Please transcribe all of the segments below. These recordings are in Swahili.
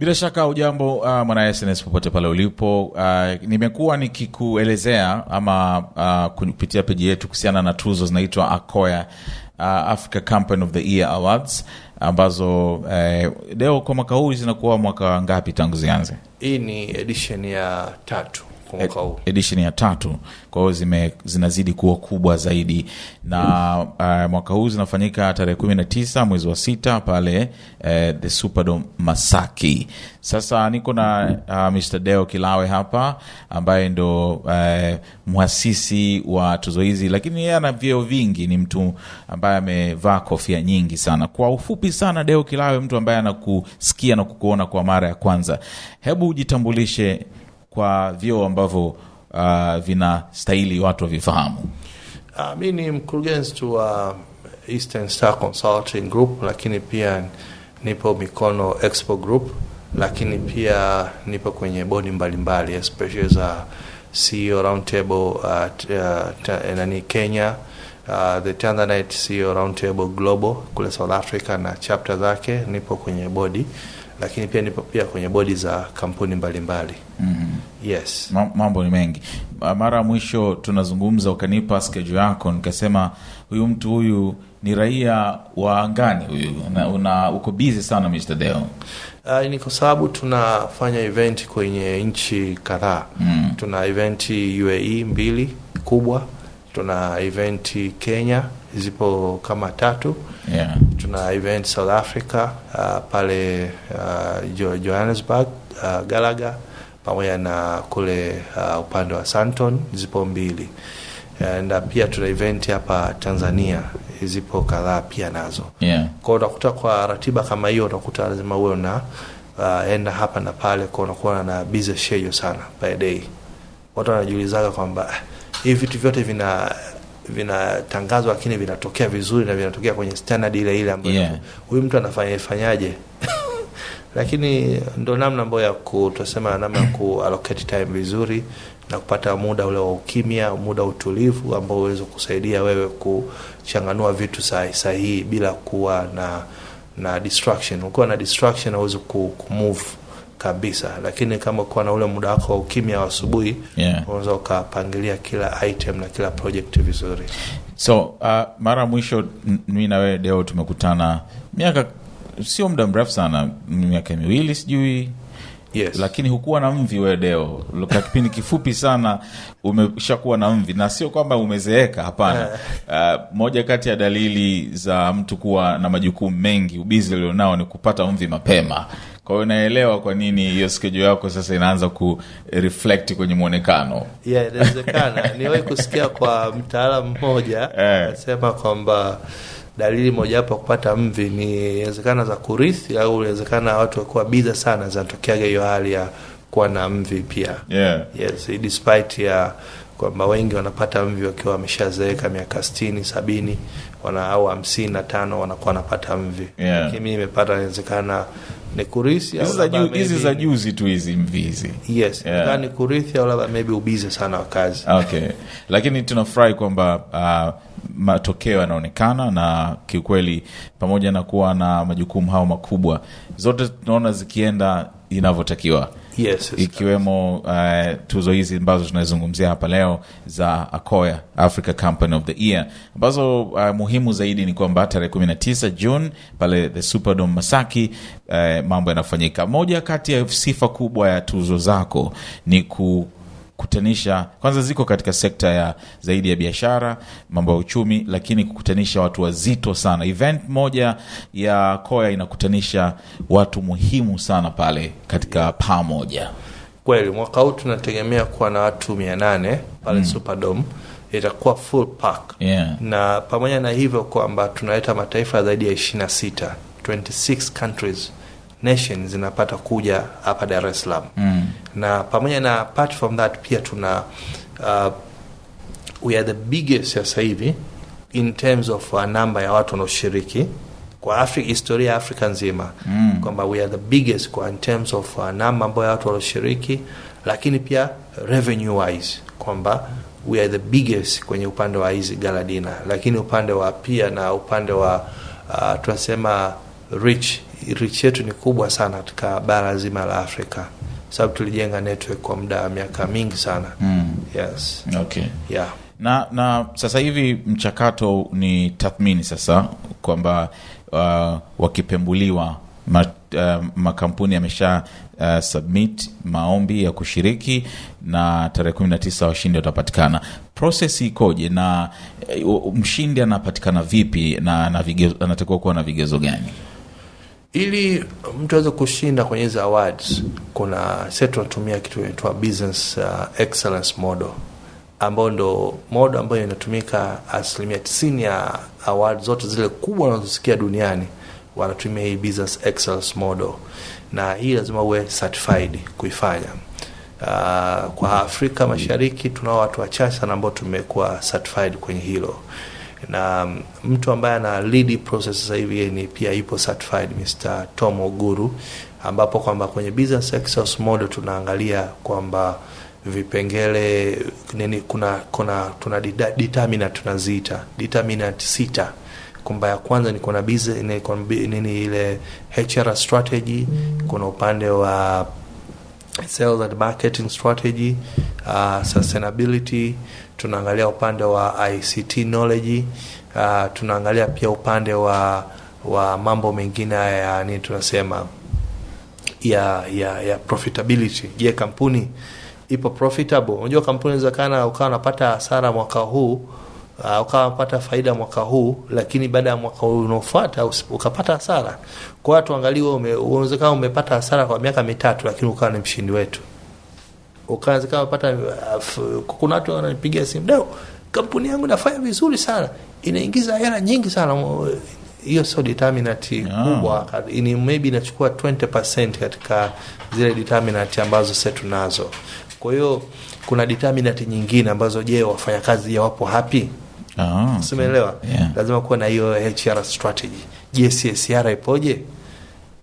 Bila shaka ujambo, uh, mwana SNS popote pale ulipo. Uh, nimekuwa nikikuelezea ama uh, kupitia peji yetu kuhusiana na tuzo zinaitwa Akoya uh, Africa campaign of the Year Awards ambazo uh, leo kwa mwaka huu zinakuwa mwaka ngapi tangu zianze? Hii ni edition ya tatu. E- edition ya tatu, kwa hiyo zime zinazidi kuwa kubwa zaidi na uh, mwaka huu zinafanyika tarehe kumi na tisa mwezi wa sita pale uh, the supedo Masaki. Sasa niko na uh, Mr. Deo Kilawe hapa ambaye ndo uh, mwasisi wa tuzo hizi, lakini yeye ana vyeo vingi, ni mtu ambaye amevaa kofia nyingi sana. Kwa ufupi sana, Deo Kilawe, mtu ambaye anakusikia na kukuona kwa mara ya kwanza, hebu ujitambulishe kwa vyoo ambavyo uh, vinastahili watu wavifahamu? Uh, mi ni mkurugenzi tu wa Eastern Star Consulting Group, lakini pia nipo Mikono Expo Group, lakini pia nipo kwenye bodi mbalimbali especially za CEO uh, uh, uh, nani Kenya uh, the Tanzanite CEO Roundtable Global kule South Africa na chapter zake, nipo kwenye bodi lakini pia nipo pia kwenye bodi za kampuni mbalimbali mbali. mm -hmm. Yes, mambo ni mengi. Ah, mara ya mwisho tunazungumza ukanipa schedule yako, nikasema huyu mtu huyu ni raia wa angani huyu, na una uko busy sana Mr. Deo. Uh, ni kwa sababu tunafanya event kwenye nchi kadhaa mm. Tuna event UAE mbili kubwa tuna event Kenya zipo kama tatu yeah. Tuna event South Africa uh, pale uh, Johannesburg uh, Galaga pamoja na kule uh, upande wa Santon zipo mbili na uh, pia tuna event hapa Tanzania zipo kadhaa pia nazo yeah. Kwao unakuta kwa ratiba kama hiyo unakuta lazima uwe na uh, enda hapa na pale, kwa unakuwa na busy schedule sana by day. Watu wanajiulizaga kwamba eh, hivi vitu vyote vina vinatangazwa lakini vinatokea vizuri na vinatokea kwenye standard ile ile ambayo yeah. huyu mtu anafanyaje lakini ndo namna ambayo ya kutusema namna ku allocate time vizuri na kupata muda ule wa ukimya, muda utulivu ambao uweze kusaidia wewe kuchanganua vitu sahihi sahihi bila kuwa na na distraction. Ukiwa na distraction hauwezi move kabisa, lakini kama ukiwa na ule muda wako wa ukimya wa asubuhi yeah, unaweza ukapangilia kila item na kila project vizuri. So uh, mara mwisho mi na wewe Deo tumekutana miaka sio muda mrefu sana, miaka miwili sijui Yes. Lakini hukuwa na mvi wewe Deo, kwa kipindi kifupi sana umeshakuwa na mvi, na sio kwamba umezeeka, hapana. Uh, moja kati ya dalili za mtu kuwa na majukumu mengi, ubizi ulionao, ni kupata mvi mapema kwa hiyo naelewa kwa nini hiyo skejo yako sasa inaanza ku reflect kwenye mwonekano yeah, inawezekana niwahi kusikia kwa mtaalamu mmoja eh. anasema eh, kwamba dalili mojawapo ya kupata mvi ni inawezekana za kurithi au inawezekana watu wakuwa biza sana zinatokeaga hiyo hali ya kuwa na mvi pia yeah. yes, despite ya kwamba wengi wanapata mvi wakiwa wameshazeeka miaka sitini sabini wana au hamsini na tano wanakuwa wanapata mvi yeah. lakini mii imepata inawezekana ni kurithi hizi za juzi tu hizi mvizi yes yeah. ni kurithi au labda maybe ubize sana wa kazi okay. lakini tunafurahi kwamba uh, matokeo yanaonekana na kiukweli, pamoja na kuwa na majukumu hao makubwa, zote tunaona zikienda inavyotakiwa. Yes, ikiwemo uh, tuzo hizi ambazo tunazungumzia hapa leo za Akoya Africa Company of the Year ambazo uh, muhimu zaidi ni kwamba tarehe kumi na tisa June pale the superdom Masaki uh, mambo yanafanyika. Moja kati ya sifa kubwa ya tuzo zako ni ku kukutanisha kwanza, ziko katika sekta ya zaidi ya biashara, mambo ya uchumi, lakini kukutanisha watu wazito sana. Event moja ya Koya inakutanisha watu muhimu sana pale katika paa moja. Kweli mwaka huu tunategemea kuwa na watu mia nane pale mm. Superdome itakuwa full park yeah. Na pamoja na hivyo kwamba tunaleta mataifa zaidi ya 26 sita 26 countries nation zinapata kuja hapa Dar es Salaam mm. na pamoja na apart from that pia tuna uh, we are the biggest sasa hivi in terms of uh, namba ya watu wanaoshiriki kwa Afri, historia ya Afrika nzima mm. kwamba we are the biggest kwa in terms of uh, namba ambayo ya watu wanaoshiriki, lakini pia revenue wise kwamba we are the biggest kwenye upande wa hizi galadina, lakini upande wa pia na upande wa uh, tunasema rich reach yetu ni kubwa sana katika bara zima la Afrika sababu tulijenga network kwa muda wa miaka mingi sana. Mm. Yes. Okay. Yeah. Na, na sasa hivi mchakato ni tathmini sasa kwamba uh, wakipembuliwa ma, uh, makampuni yamesha uh, submit maombi ya kushiriki na tarehe kumi na tisa washindi watapatikana. Proses ikoje na uh, mshindi anapatikana vipi na anatakiwa kuwa na vigezo gani? Ili mtu aweze kushinda kwenye hizi awards, kuna sisi tunatumia kitu inaitwa business uh, excellence model ambao ndo modo ambayo inatumika asilimia tisini ya awards zote zile kubwa unazosikia duniani wanatumia hii business excellence model, na hii lazima uwe certified kuifanya. Uh, kwa Afrika Mashariki tunao watu wachache sana ambao tumekuwa certified kwenye hilo na um, mtu ambaye ana lead process sasa hivi ni pia yupo certified Mr. Tom Oguru, ambapo kwamba kwenye business success model tunaangalia kwamba vipengele nini, kuna kuna tuna determinant tunaziita determinant sita kwamba ya kwanza ni kuna business nini ile HR strategy, kuna upande wa sales and marketing strategy, uh, sustainability tunaangalia upande wa ICT knowledge uh, tunaangalia pia upande wa wa mambo mengine ya ni tunasema ya ya, ya profitability. Je, kampuni ipo profitable? Unajua kampuni inawezekana ukawa unapata hasara mwaka huu uh, ukawa unapata faida mwaka huu, lakini baada ya mwaka huu unaofuata ukapata hasara. Kwa hiyo tuangalie, unawezekana ume, umepata hasara kwa miaka mitatu, lakini ukawa ni mshindi wetu ukazi kama pata uh, kuna watu wananipigia simu leo, kampuni yangu nafanya vizuri sana, inaingiza hela nyingi sana. Hiyo sio determinant yeah, kubwa ni maybe inachukua 20% katika zile determinant ambazo sasa tunazo. Kwa hiyo kuna determinant nyingine ambazo, je, wafanyakazi wapo hapi Oh, ah, okay. Simeelewa, yeah. Lazima kuwa na hiyo HR strategy. Je, CSR ipoje?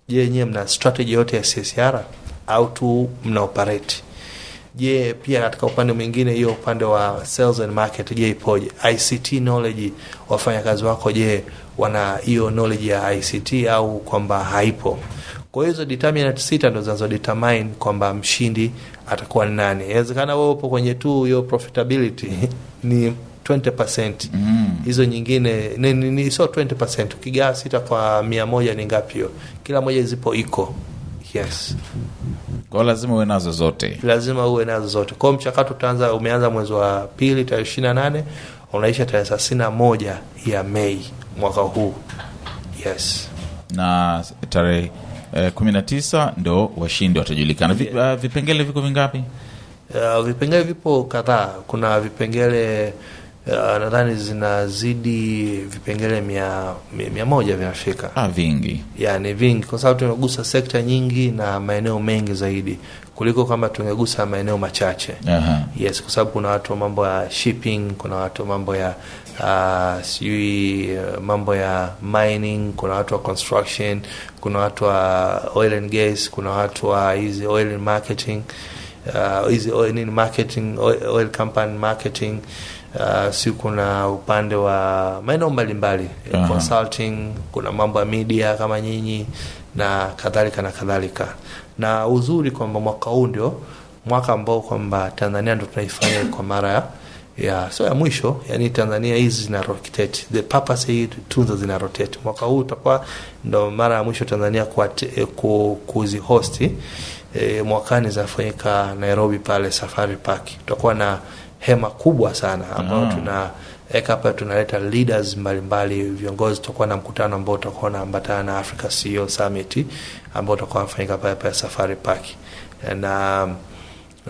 Je, nyewe mna strategy yote ya CSR au tu mna operate Je, pia katika upande mwingine, hiyo upande wa sales and market, je ipoje? ICT knowledge, wafanyakazi wako je wana hiyo knowledge ya ICT au kwamba haipo? Kwa hiyo hizo determinant sita ndo zinazo determine kwamba mshindi atakuwa ni nani. Inawezekana wewe upo kwenye tu hiyo profitability ni 20%. Mm-hmm. hizo Mm. nyingine ni, ni, ni so 20%. Ukigawa sita kwa mia moja ni ngapi hiyo? Kila moja zipo iko yes. kwao lazima uwe nazo zote, lazima uwe nazo zote. Kwao mchakato utaanza, umeanza mwezi wa pili tarehe ishiri na nane unaisha tarehe thelathini na moja ya Mei mwaka huu yes. Na tarehe eh, kumi na tisa ndo washindi watajulikana. yeah. Uh, vipengele viko vingapi? Uh, vipengele vipo kadhaa. Kuna vipengele uh, nadhani zinazidi vipengele mia, mia, mia moja vya Afrika. Ah, vingi ni vingi, kwa sababu tumegusa sekta nyingi na maeneo mengi zaidi kuliko kwamba tungegusa maeneo machache. Aha. Yes, kwa sababu kuna watu wa mambo ya shipping, kuna watu wa mambo ya uh, sijui uh, mambo ya mining, kuna watu wa construction, kuna watu wa oil and gas, kuna watu wa hizi oil and marketing hizi uh, nini marketing oil company marketing uh, si kuna upande wa maeneo mbalimbali uh-huh. consulting kuna mambo ya media kama nyinyi na kadhalika na kadhalika na uzuri kwamba mwaka huu ndio mwaka ambao kwamba tanzania ndo tunaifanya kwa mara ya ya so ya mwisho yani tanzania hizi zina rotate the purpose hii tunzo zina rotate mwaka huu utakuwa ndo mara ya mwisho tanzania kuzihosti eh, ku, e, mwakani zinafanyika Nairobi pale Safari Park. Tutakuwa na hema kubwa sana ambayo mm. eka eh, hapa, tunaleta leaders mbalimbali viongozi. Tutakuwa na mkutano ambao utakuwa unaambatana na Africa CEO Summit ambao utakuwa unafanyika pale pale Safari Park eh, na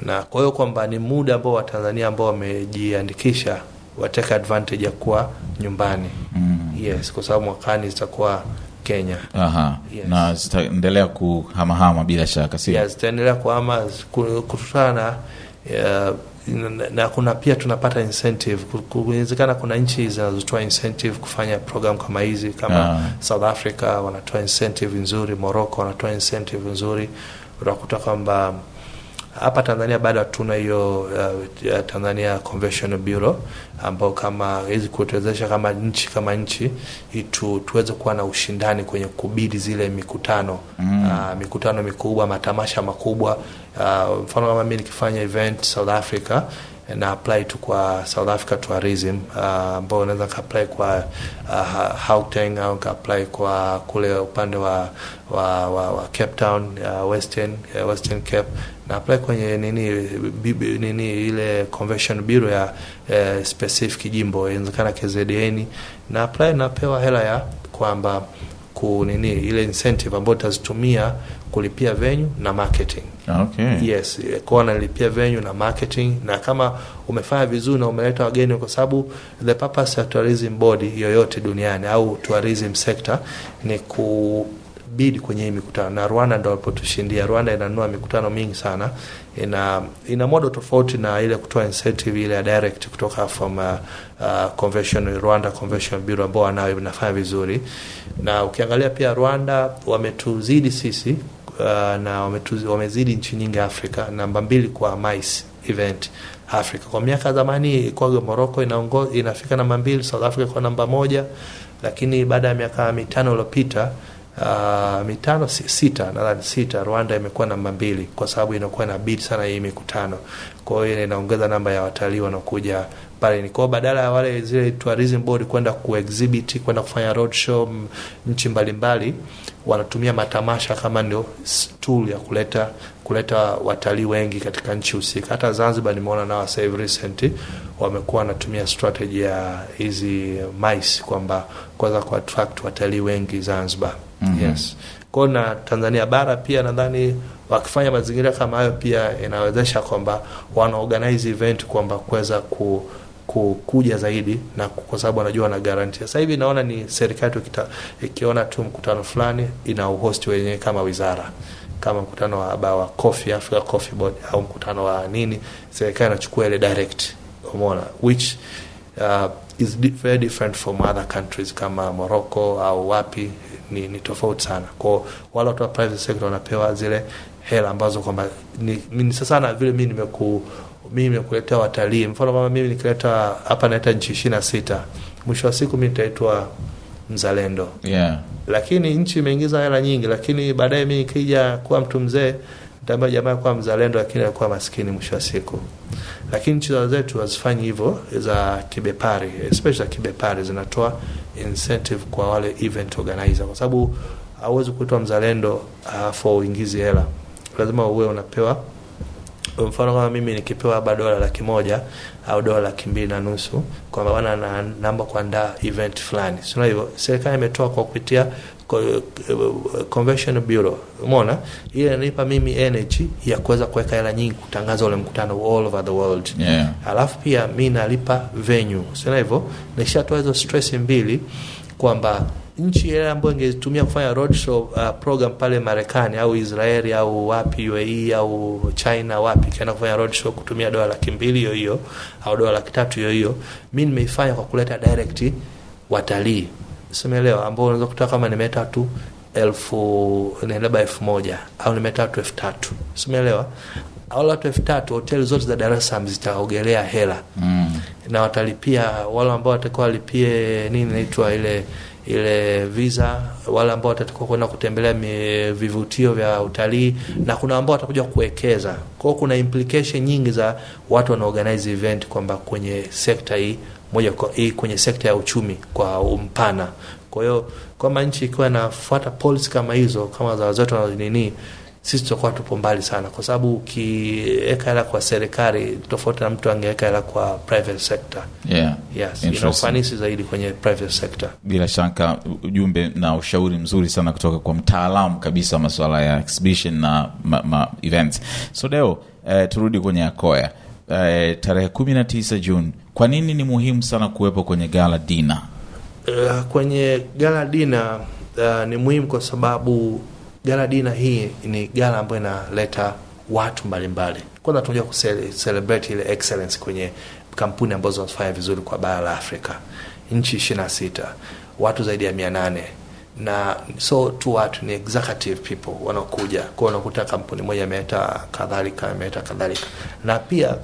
na kwa hiyo kwamba ni muda ambao Watanzania ambao wamejiandikisha wateka advantage ya kuwa nyumbani mm. Yes, kwa sababu mwakani zitakuwa Kenya. Aha. Yes. Na zitaendelea kuhamahama bila shaka, si Yes, zitaendelea kuhama kutokana na uh, eh, na kuna pia tunapata incentive. Kuwezekana kuna nchi zinazotoa incentive kufanya program kama hizi kama yeah. South Africa wanatoa incentive nzuri, Morocco wanatoa incentive nzuri, utakuta kwamba hapa Tanzania bado hatuna hiyo uh, Tanzania Convention Bureau ambao kama hizi kutuwezesha kama nchi kama nchi itu, tuweze kuwa na ushindani kwenye kubidi zile mikutano mm. uh, mikutano mikubwa, matamasha makubwa uh, mfano kama mimi nikifanya event South Africa na apply tu kwa South Africa Tourism uh, ambao uh, unaweza ka apply kwa uh, Gauteng au ka apply kwa kule upande wa wa, wa, wa Cape Town uh, Western uh, Western Cape na apply kwenye nini bibi, nini ile convention bureau ya uh, specific jimbo inawezekana KZN na apply napewa hela ya kwamba kunini ile incentive ambayo tazitumia kulipia venue na marketing. Ah, okay. Yes, kwa nalipia venue na marketing na kama umefanya vizuri na umeleta wageni, kwa sababu the purpose ya tourism board yoyote duniani au tourism sector ni ku bid kwenye hii mikutano na Rwanda ndo walipotushindia. Rwanda inanunua mikutano mingi sana, ina ina modo tofauti na ile kutoa incentive ile ya direct kutoka from uh, uh, convention Rwanda Convention Bureau ambao wanayo inafanya vizuri, na ukiangalia pia Rwanda wametuzidi sisi uh, na wamezidi nchi nyingi Afrika, namba mbili kwa MICE event Afrika. Kwa miaka zamani ilikuwa Moroko inaongo, inafika namba mbili, South Africa kwa namba moja, lakini baada ya miaka mitano iliyopita Uh, mitano sita, nadhani sita, Rwanda imekuwa namba mbili kwa sababu inakuwa na bid sana hii mikutano, kwa hiyo inaongeza namba ya watalii wanaokuja pale ni kwao, badala ya wale zile tourism board kwenda kuexhibit kwenda kufanya road show nchi mbalimbali, wanatumia matamasha kama ndio tool ya kuleta kuleta watalii wengi katika nchi husika. Hata Zanzibar nimeona nao sasa hivi recent wamekuwa wanatumia strategy ya hizi mice kwamba kwanza ku attract watalii wengi Zanzibar. mm -hmm. Yes kwao na Tanzania bara pia nadhani wakifanya mazingira kama hayo pia inawezesha kwamba wana organize event kwamba kuweza ku kukuja zaidi na kwa sababu anajua ana garanti. Sasa hivi naona ni serikali tu ikiona tu mkutano fulani ina uhosti wenyewe kama wizara kama mkutano wa wa Coffee Africa Coffee Board au mkutano wa nini, serikali inachukua ile direct, umeona, which uh, is very different from other countries kama Morocco au wapi. Ni, ni tofauti sana kwa Wale watu wa private sector wanapewa zile hela ambazo kwamba ni, ni sasa na vile mimi nimeku mimi nakuletea watalii. Mfano kama mimi nikileta hapa naita nchi ishirini na sita mwisho wa siku mi nitaitwa mzalendo yeah. Lakini nchi imeingiza hela nyingi, lakini baadaye mi nikija kuwa mtu mzee nitaambia jamaa kuwa mzalendo, lakini alikuwa maskini mwisho wa siku. Lakini nchi za zetu hazifanyi hivyo, za kibepari especially za kibepari zinatoa incentive kwa wale event organizer, kwa sababu hauwezi kuitwa mzalendo alafu uingizi hela, lazima uwe unapewa mfano kama mimi nikipewa labda dola laki moja au dola laki mbili na nusu kwamba bwana na namba kuandaa event fulani, sio hivyo? Serikali imetoa kwa kupitia Convention Bureau, umeona, ile inanipa mimi energy ya kuweza kuweka hela nyingi kutangaza ule mkutano all over the world yeah. Alafu pia mi nalipa venue, sio hivyo? Nishatoa hizo stress mbili kwamba nchi ile ambayo ingetumia kufanya roadshow uh, program pale Marekani au Israeli au wapi UAE au China wapi, kana kufanya roadshow kutumia dola laki mbili hiyo hiyo au dola laki tatu hiyo hiyo, mi nimeifanya kwa kuleta direct watalii simelewa, ambao unaweza kutoa kama nimeta tu elfu labda elfu moja au nimeta tu elfu tatu simelewa wale watu elfu tatu hoteli zote za Dar es Salaam zitaogelea hela mm. na watalipia wale ambao watakuwa walipie nini naitwa ile ile visa, wale ambao watatakiwa kwenda kutembelea vivutio vya utalii, na kuna ambao watakuja kuwekeza. kwao kuna implication nyingi za watu wanaorganize event kwamba kwenye sekta hii moja kwa hii kwenye sekta ya uchumi kwa umpana. Kwa hiyo kama nchi ikiwa inafuata policy kama hizo kama za wenzetu nini sisi tutakuwa tupo mbali sana, kwa sababu ukiweka hela kwa serikali tofauti na mtu angeweka hela kwa private sector. Yeah. Yes, ina ufanisi zaidi kwenye private sector. Bila shaka ujumbe na ushauri mzuri sana kutoka kwa mtaalamu kabisa wa masuala ya exhibition na ma, ma events. So leo eh, turudi kwenye Akoya eh, tarehe kumi na tisa Juni. Kwa nini ni muhimu sana kuwepo kwenye gala dina? Uh, kwenye gala dina uh, ni muhimu kwa sababu gala dina hii ni gala ambayo inaleta watu mbalimbali. Kwanza tunajua kucelebrate ile excellence kwenye kampuni ambazo zinafanya vizuri kwa bara la Afrika, nchi ishirini na sita, watu zaidi ya mia nane na so tu watu ni executive people wanaokuja kwa unakuta kampuni moja imeleta kadhalika, imeleta kadhalika, na pia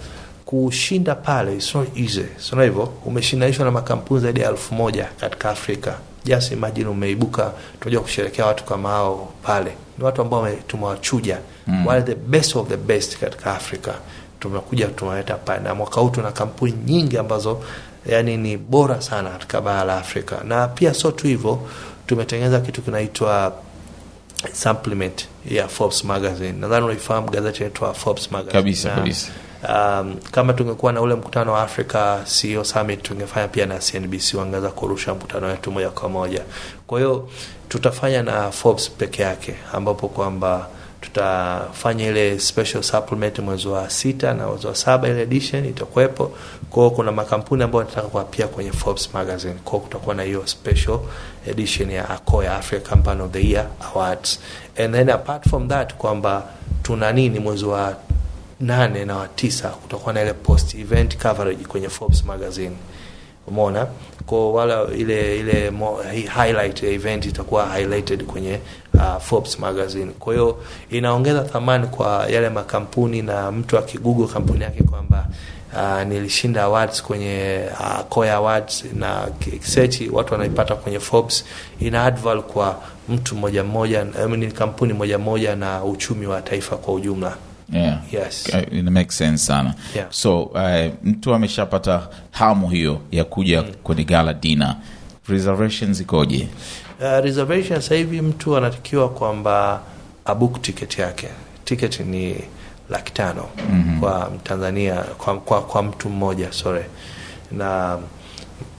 kushinda pale sio easy, sio hivyo. Umeshindanishwa na makampuni zaidi ya elfu moja katika Afrika Just imagine umeibuka, tunajua kusherekea watu kama hao pale, ni watu ambao tumewachuja mm. wale the best of the best katika Afrika tumekuja tunaleta pale, na mwaka huu tuna kampuni nyingi ambazo yani ni bora sana katika bara la Afrika, na pia so tu hivyo, tumetengeneza kitu kinaitwa supplement ya Forbes magazine. Nadhani unaifahamu gazeti inaitwa Forbes magazine kabisa kabisa um, kama tungekuwa na ule mkutano wa Africa CEO Summit tungefanya pia na CNBC, wangeweza kurusha mkutano wetu moja kwa moja. Kwa hiyo tutafanya na Forbes peke yake, ambapo kwamba tutafanya ile special supplement mwezi wa sita na mwezi wa saba, ile edition itakuwepo. Kwa hiyo kuna makampuni ambayo yanataka kwa pia kwenye Forbes magazine, kwa kutakuwa na hiyo special edition ya Acoya Africa Company of the Year Awards, and then apart from that kwamba tuna nini mwezi wa nane na watisa kutakuwa na ile post event coverage kwenye Forbes magazine umeona kwa wala ile ile mo, highlight ya event itakuwa highlighted kwenye uh, Forbes magazine. Kwa hiyo inaongeza thamani kwa yale makampuni, na mtu akigugu kampuni yake kwamba uh, nilishinda awards kwenye uh, Koya Awards na search, watu wanaipata kwenye Forbes, ina add value kwa mtu mmoja mmoja, I mean, kampuni moja moja na uchumi wa taifa kwa ujumla yeah. Yes. make sense sana yeah. So uh, mtu ameshapata hamu hiyo ya kuja mm. kwenye gala dina reservations ikoje? Uh, reservation sasa hivi mtu anatakiwa kwamba abook ticket yake. ticket ni laki tano mm -hmm. kwa Mtanzania kwa, kwa, kwa mtu mmoja sorry, na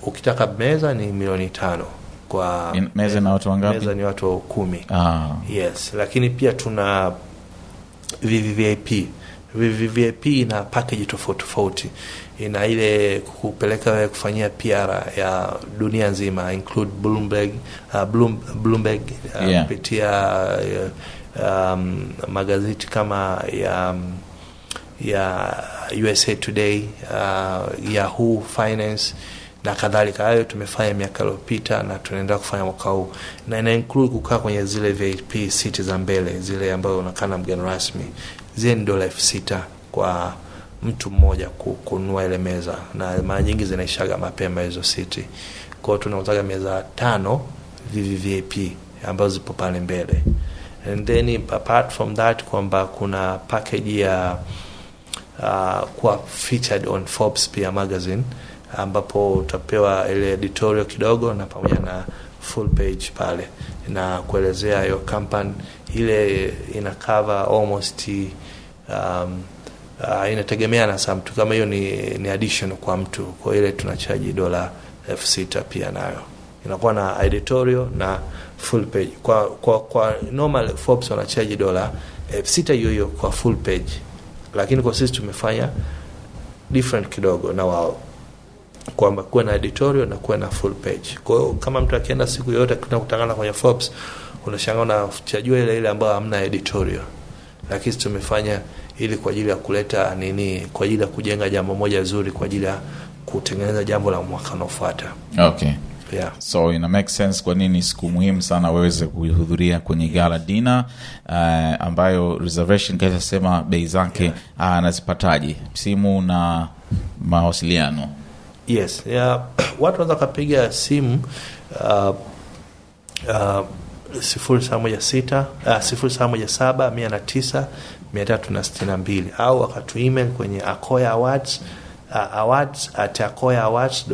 ukitaka meza ni milioni tano kwa In, meza, meza na watu wangapi? Meza ni watu kumi. Ah. Yes, lakini pia tuna VVVIP. VVVIP ina package tofauti tofauti, ina ile kupeleka wewe kufanyia PR ya dunia nzima, include Bloomberg, uh, Bloom, Bloomberg kupitia uh, yeah. uh, um, magazeti kama ya um, ya USA Today, uh, Yahoo Finance na kadhalika. Hayo tumefanya miaka iliyopita na tunaendelea kufanya mwaka huu, na ina include kukaa kwenye zile VIP siti za mbele, zile ambazo unakaa na mgeni rasmi. Zile ni dola elfu sita kwa mtu mmoja kununua ile meza, na mara nyingi zinaishaga mapema hizo siti. Kwa hiyo tunauzaga meza tano VVVIP ambazo zipo pale mbele, and then apart from that kwamba kuna package ya uh, kuwa featured on Forbes pia magazine ambapo utapewa ile editorial kidogo na pamoja na full page pale na kuelezea hiyo kampani ile ina cover almost um, uh, inategemeana sana mtu kama hiyo ni, ni addition kwa mtu kwa ile tunachaji dola elfu sita pia nayo inakuwa na editorial na full page kwa kwa, kwa normal Forbes wanachaji dola elfu sita hiyo hiyo kwa full page, lakini kwa sisi tumefanya different kidogo na wao kwamba kuwe na editorial na kuwe na full page. Kwa hiyo kama mtu akienda siku yoyote tunakutangana kwenye Forbes, unashangaa na chajua ile ile ambayo hamna editorial, lakini tumefanya ili kwa ajili ya kuleta nini, kwa ajili ya kujenga jambo moja zuri, kwa ajili ya kutengeneza jambo la mwaka unaofuata. Okay. Yeah. So ina make sense kwa nini siku muhimu sana waweze kuhudhuria kwenye gala dina uh, ambayo reservation kaisha sema bei zake anazipataje? Yeah. Uh, msimu na mawasiliano Yes, yeah, watu wanaweza kapiga simu uh, uh, sifuri saba moja uh, sifuri saba mia na tisa mia tatu na sitini na mbili au wakatu email kwenye akoya awards uh, awards at akoya awards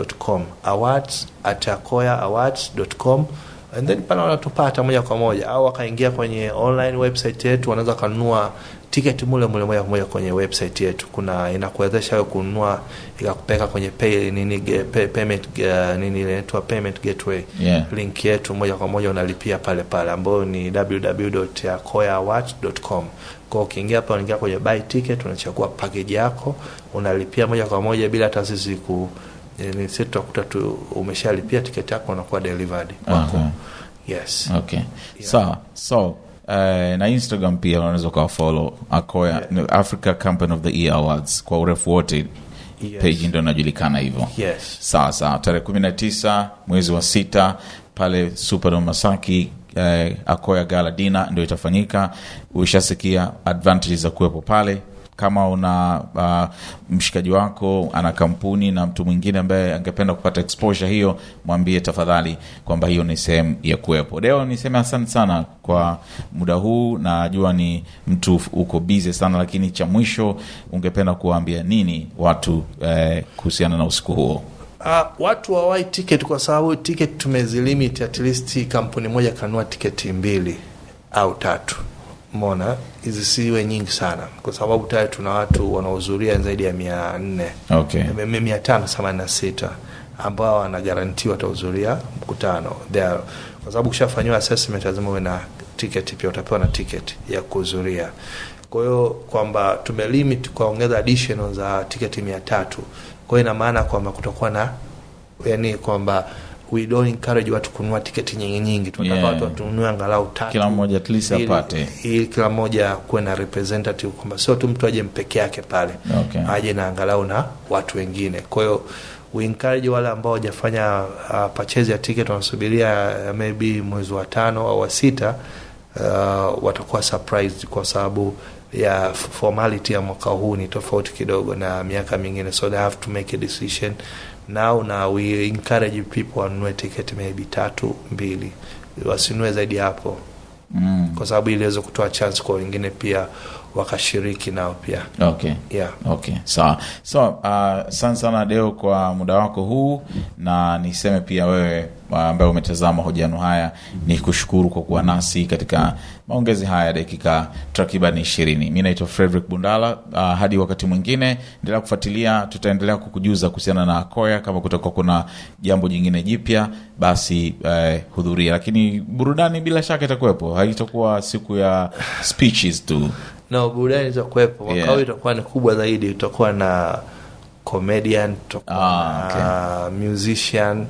awards at akoya awards com and then pale wanatupata moja kwa moja, au wakaingia kwenye online website yetu, wanaweza kanunua tiketi mule mule moja kwa moja kwenye website yetu. Kuna inakuwezesha wewe kununua ikakupeka kwenye pay, nini pay, payment uh, nini inaitwa payment gateway yeah. link yetu moja kwa moja unalipia pale pale, ambayo ni www.akoyawatch.com. Kwa ukiingia hapa, unaingia kwenye buy ticket, unachagua package yako, unalipia moja kwa moja bila hata sisi ku Eh, ni sisi tutakuta tu umeshalipia tiketi yako unakuwa delivered kwako. Yes. Okay. Yeah. Sawa. So, so Uh, eh, na instagram pia unaweza follow akoya yeah. africa Company of the year awards kwa urefu wote yes. Page ndio inajulikana hivyo yes. sawa sawa tarehe kumi na tisa mwezi wa sita pale superdom masaki eh, akoya gala dina ndio itafanyika ushasikia advantages za kuwepo pale kama una uh, mshikaji wako ana kampuni na mtu mwingine ambaye angependa kupata exposure hiyo, mwambie tafadhali kwamba hiyo ni sehemu ya kuwepo. Leo niseme asante sana kwa muda huu, najua ni mtu uko busy sana, lakini cha mwisho ungependa kuwaambia nini watu eh, kuhusiana na usiku huo? Uh, watu hawai tiketi kwa sababu tiketi tumezilimit, at least kampuni moja kanua tiketi mbili au tatu Mona zisiwe nyingi sana kwa sababu tayari tuna watu wanaohudhuria zaidi ya mia nne okay. mia tano themanini na sita ambao wanagarantiwa watahudhuria mkutano there, kwa sababu ukishafanyiwa assessment lazima uwe na tiketi pia, utapewa na tiketi ya kuhudhuria. Kwa hiyo kwamba tumelimit kuongeza additional za tiketi mia tatu. Kwa hiyo ina maana kwamba kutakuwa na yani kwamba we don't encourage watu kununua tiketi nyingi nyingi, tunataka yeah. watununue angalau tatu, kila mmoja at least apate, ili kila mmoja kuwe na representative, kwamba sio tu mtu aje mpeke yake pale, okay. aje na angalau na watu wengine. Kwa hiyo we encourage wale ambao wajafanya uh, purchase ya wanasubiria uh, maybe mwezi wa tano au wa sita uh, watakuwa surprised kwa sababu ya formality ya mwaka huu ni tofauti kidogo na miaka mingine, so they have to make a decision now na we encourage people wanunue tiketi maybe tatu mbili, wasinunue zaidi hapo mm. kwa sababu iliweza kutoa chance kwa wengine pia wakashiriki nao pia. Okay. Yeah. Okay. Sawa. So, so uh, sana sana Deo kwa muda wako huu na niseme pia wewe uh, ambaye uh, umetazama mahojiano haya ni kushukuru kwa kuwa nasi katika maongezi haya ya dakika takriban ishirini. Mi naitwa Frederick Bundala. Uh, hadi wakati mwingine, endelea kufuatilia, tutaendelea kukujuza kuhusiana na koya Kama kutakuwa kuna jambo jingine jipya, basi uh, hudhuria, lakini burudani bila shaka itakuwepo, haitakuwa siku ya speeches tu na burudani za mwaka huu yeah. itakuwa ni kubwa zaidi, utakuwa na comedian tutakuwa ah, okay. na musician,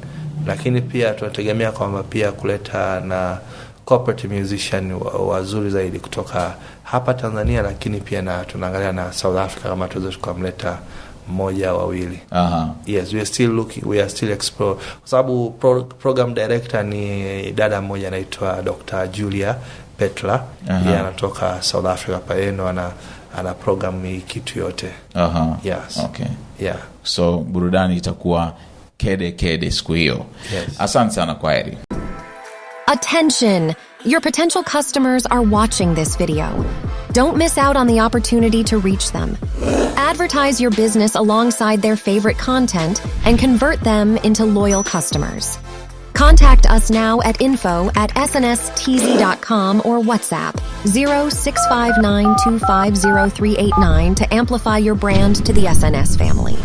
lakini pia tunategemea kwamba pia kuleta na corporate musician wazuri zaidi kutoka hapa Tanzania, lakini pia na tunaangalia na South Africa kama tuweze tukamleta moja wawili. Aha. Yes, we are still looking, we are still explore. Kwa sababu pro, program director ni dada mmoja anaitwa Dr. Julia Petla. Yeye anatoka South Africa pale ndo ana ana program kitu yote. Aha. Yes. Okay. Yeah. So burudani itakuwa kede kede siku hiyo. Yes. Asante sana kwa heri. Attention. Your potential customers are watching this video. Don't miss out on the opportunity to reach them. Advertise your business alongside their favorite content and convert them into loyal customers. Contact us now at info at snstz.com or WhatsApp 0659250389 to amplify your brand to the SNS family.